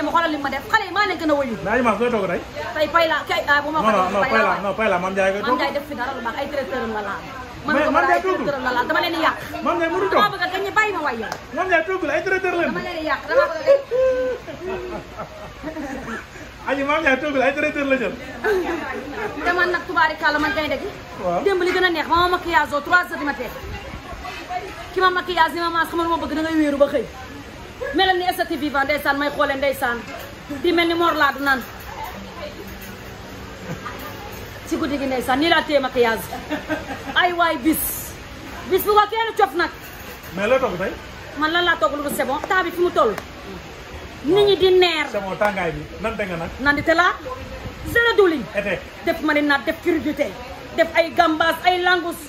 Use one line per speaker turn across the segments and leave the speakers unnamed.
dem xoolal li ma def xale yi maa leen gën a wëyu mais ma koy toog tey tey pay la kay bu ah, ma ko non pay la Mame Ndiaye koy toog Mame Ndiaye def fi dara lu baax ay traiteur la laal man Mame Ndiaye toogul la laal dama leen di yàq Mame Ndiaye mënu toog dama bëgg dañu bàyyi ma waay yow Mame Ndiaye toogul ay traiteur la dama leen di yàq dama bëgg aji Mame Ndiaye toogul ay traiteur la jël te man nag tubaarikàlla man kay dëgg démb li gën a neex ma ma maquillage oo trois heures du matin ki ma maquillage ni ma maas xamal ma bëgg da ngay wéeru ba xëy melal ni estati vivant ndeysaan may xoole ndeysaan di mel ni mor laa du naan ci guddi gi ndeysaan nii laa téye maquillage ay waay bis bis bu ko kenn cof nag mais togg tey man lan laa togg lu c'est bon temps bi fi mu toll nit ñi di neer c'est tàngaay bi nan te nga nag nan di te laa zéro diwlin def ma ni naat def crudité def ay gambas ay langus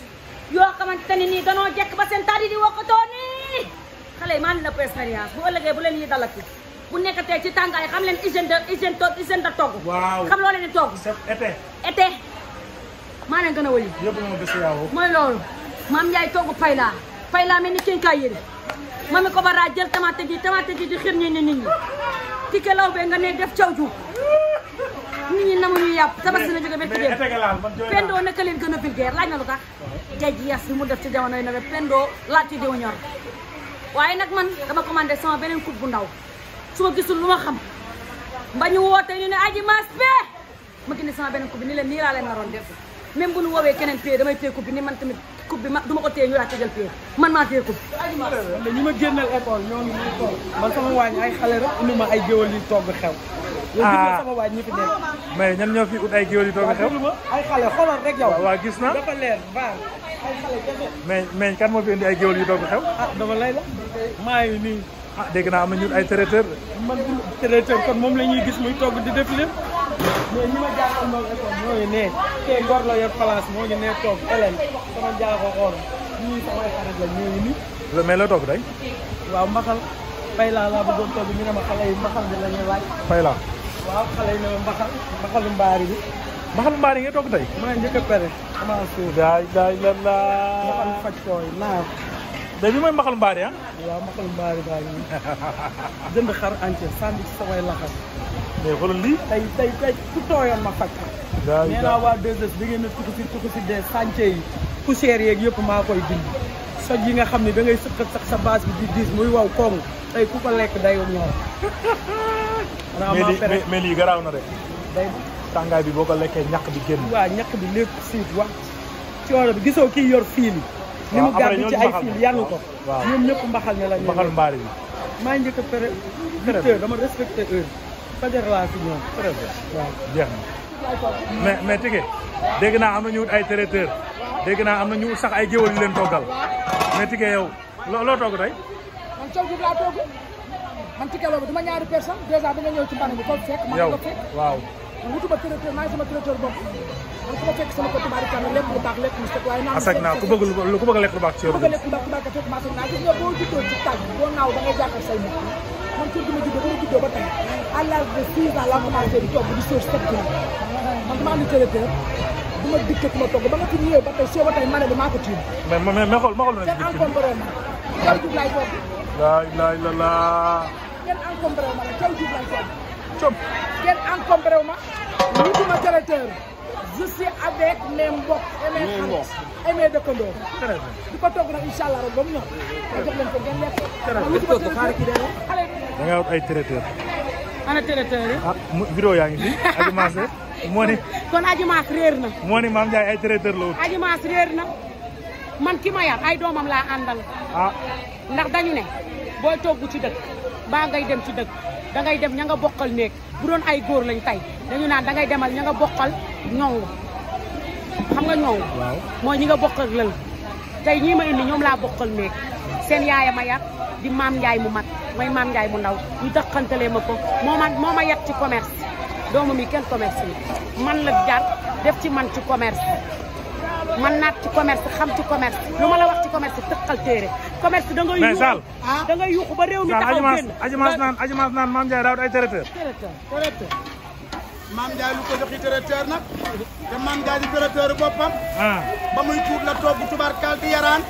yoo xamante ne danoo jekk ba seen taat di wokkatoo nii xale yi maa leen ëpp expérience bu ëllëgee bu leen yi dalati bu nekkatee ci tàngaay xam leen hygiène de hygiène to hygiène de togg waaw xam loo leen di togg été été maa leen gën a wëli yëpp moo bés yaaw mooy loolu maam Ndiaye togg payla payla mel ni kinkaay yëri mami ko bara jël tamaate ji tamaate ji di xir ñi ni nit ñi tike law be nga ne def caw ju nit ñi namuñu yàpp tabax na jóge benn jigéen pendoo na leen gën a vulgaire laaj na lu tax jaji yas bi mu def ci jamonoy nawet pendoo laaj ci diw ñor waaye nag man dama commandé sama beneen coupe bu ndaw su ma gisul lu ma xam ba ñu woote ñu ne aji maas pee ma génne sama beneen coupe bi ni leen nii laa leen naroon def même bu ñu woowee keneen pee damay pee coupe bi ni man tamit coupe bi ma du ma ko téye ñu laa ci jël pee man maa téye coupe ma génnal école ñooñu ñuy toog man sama waañ ay xale rek indi ma ay géwël yu togg xew. yow gis nga ah. sama waaj ñi fi nekk. mais ñan ñoo fi ut ay géwël yu togg ah, xew. ay xale xoolal rek yow. waaw gis na dafa leer baax. mais mais kan moo fi indi ay géwél yu doog xew. ah dama lay la maa ngi nii. ah dégg naa am na ñun ay traiteur man traiteur kon moom la ñuy gis muy togg di def lépp. mais moo ngi ne toog elen sama jaaxoo la ñoo ngi nii. mais la togg day. waaw mbaxal fay laa laa togg ñu ne ma xale yi mbaxal bi la ñuy laaj. fay laa. waaw xale yi ne ma mbaxal mbaxalu mbaari bi. mbaxal yi eh. eh, eh, nga toog tey. maa njëkk a pere. maa suuf daay daay la laa. mbaxal faj tooy naa. mais bi mooy mbaxal mbaari ah. waaw mbaxal mbaari baa ngi jënd xar entier sànni ci samay laxas. mais li lii. tey tey tey ku tooyoon ma faj. daay nee waa 2 bi ngeen di tukku si tukku si des sànce yi poussière yeeg yëpp maa koy dindi. soj yi nga xam ni da ngay sëqat sax sa base bi di diis muy waw koŋ tey ku ko lekk day ñor. mais lii mais lii garaaw na de. tàngaay bi boo ko lekkee ñàkk bi génn. waa ñàkk bi lépp siif wax ci bi gisoo kii yor fiil bi li mu gàddu ci ay fiil yanu ko. waaw ñoom ñëpp mbaxal ne la ñu. mbaxal mbaari bi. maa ngi njëkk a pere. dama respecté heure fajar laa fi ñoom. très bien waaw jeex mais mais Tické naa am na ñu ay traiteur dégg naa am na ñu sax ay géwël yu leen toggal mais Tické yow loo loo togg tey. man coow bi laa togg man Tické loolu dama ñaari personne dèjà bi nga ñëw ci mbar bi ko waaw wutuma traiteur maa ngi sama traiteur bopp man ku ma fekk sama kër tubaab yi lekk lu baax lekk lu set waaye. asag naa ku bëgg lu ku bëgg a lekk lu baax ci yow. ku bëgg a lekk lu baax tubaab fekk maa sag naa gis nga boo juddoo ci tàgg boo naaw da ngay jàkkal say nit man kër gi ma juddoo ba ma juddoo ba tey à l'âge de six ans laa commencé di togg di sóor sept kilos man dama am traiteur du ma dicté ku ma togg ba nga fi ñëwee ba tey soo ba tey ma ne la maa ko tiim. mais mais mais xool ma xool nañu. kenn encombré ma Thiaw Diouf laay togg. laa ilaaha illallaah. kenn encombré ma la Thiaw Diouf laay togg. cob kenn encombré wu ma wutuma mu ah, yaa ngi fi moo ni kon Adji Mass réer na moo ni Mame Ndiaye ay traiteur la wut Adji Mass réer na man ki ma yar ay doomam laa àndal ah ndax dañu ne booy togg ci dëkk baa ngay dem ci dëkk da ngay dem ña nga bokkal néeg bu doon ay góor lañ tey dañu naan da ngay demal ña nga bokkal ñoŋ xam nga ñoŋ mooy ñi nga bokkal lël tey ñii ma indi ñoom laa bokkal néeg seen yaaya ma yar di maam Ndiaye mu mag mooy maam Ndiaye mu ndaw ñu dëkkantalee ma ko moo ma moo ma yat ci commerce doomu mi kenn commerce bi man la jar def ci man ci commerce man naat ci commerce xam ci commerce lu ma la wax ci commerce tëqal téere commerce da ngay yuuxu ah, da ngay yuuxu ba réew mi taxaw génn ajamaas naan ajamaas naan Mame Ndiaye raawat ay traiteur traiteur Mame Ndiaye lu ko joxi traiteur nag te Mame Ndiaye di traiteur boppam ah. ba muy tuut la toog bu tubaarkaal di yaraan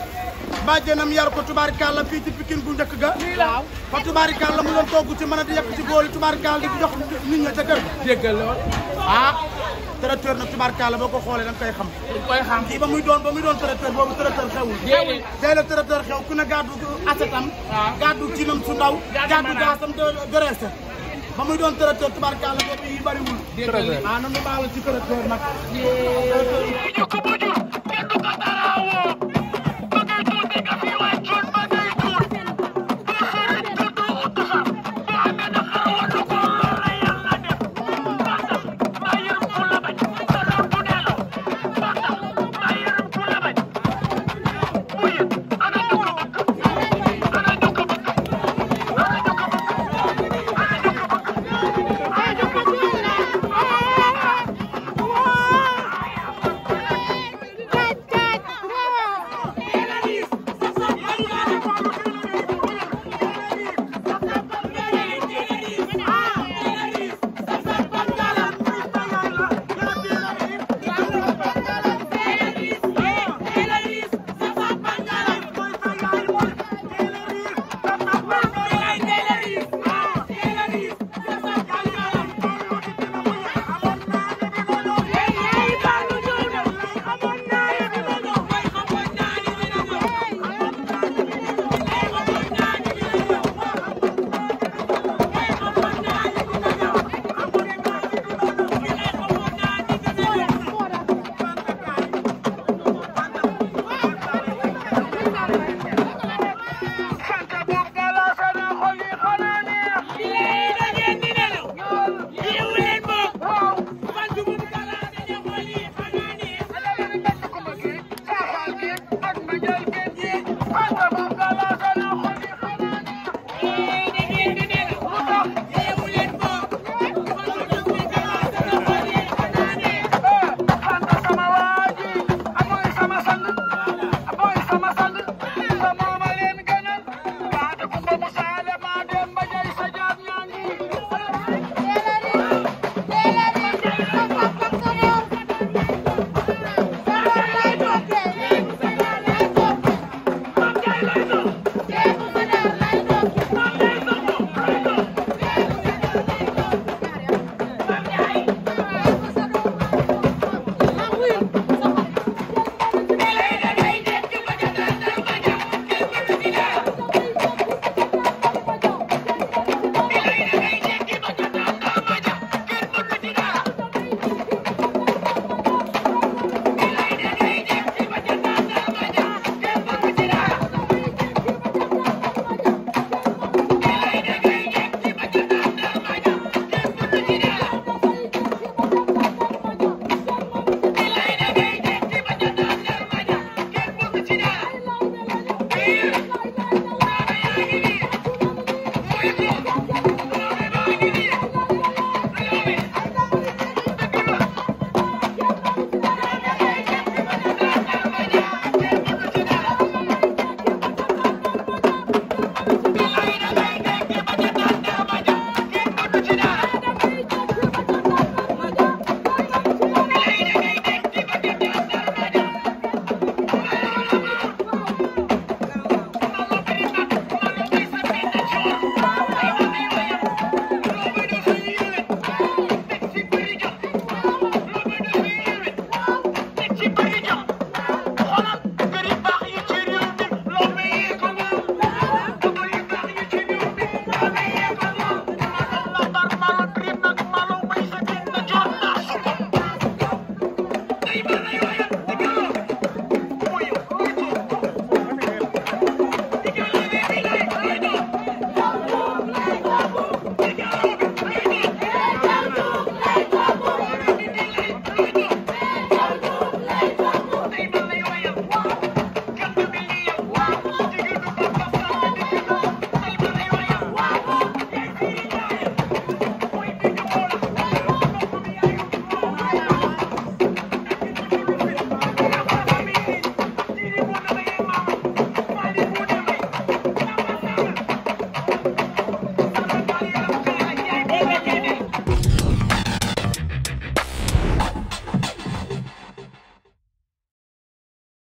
bàjjenam yar ko tubaarkaal la fii ci Pikine bu njëkk ga waaw fa tubaarkaal la mu doon togg ci mën a di yekk ci góor yi tubaarkaal di jox nit ñi ca kër déggal ah traiteur nag tubaarkalla boo ko xoolee da nga koy xam dañ koy xam kii ba muy doon ba muy doon boobu traiteur xewul tey la traiteur xew ku ne gàddu asetam gàddu cinam su ndaw gaasam dërese ba muy doon traiteur tubaarkalla boobu yi bëriwul ah nanu baal ci traiteur nag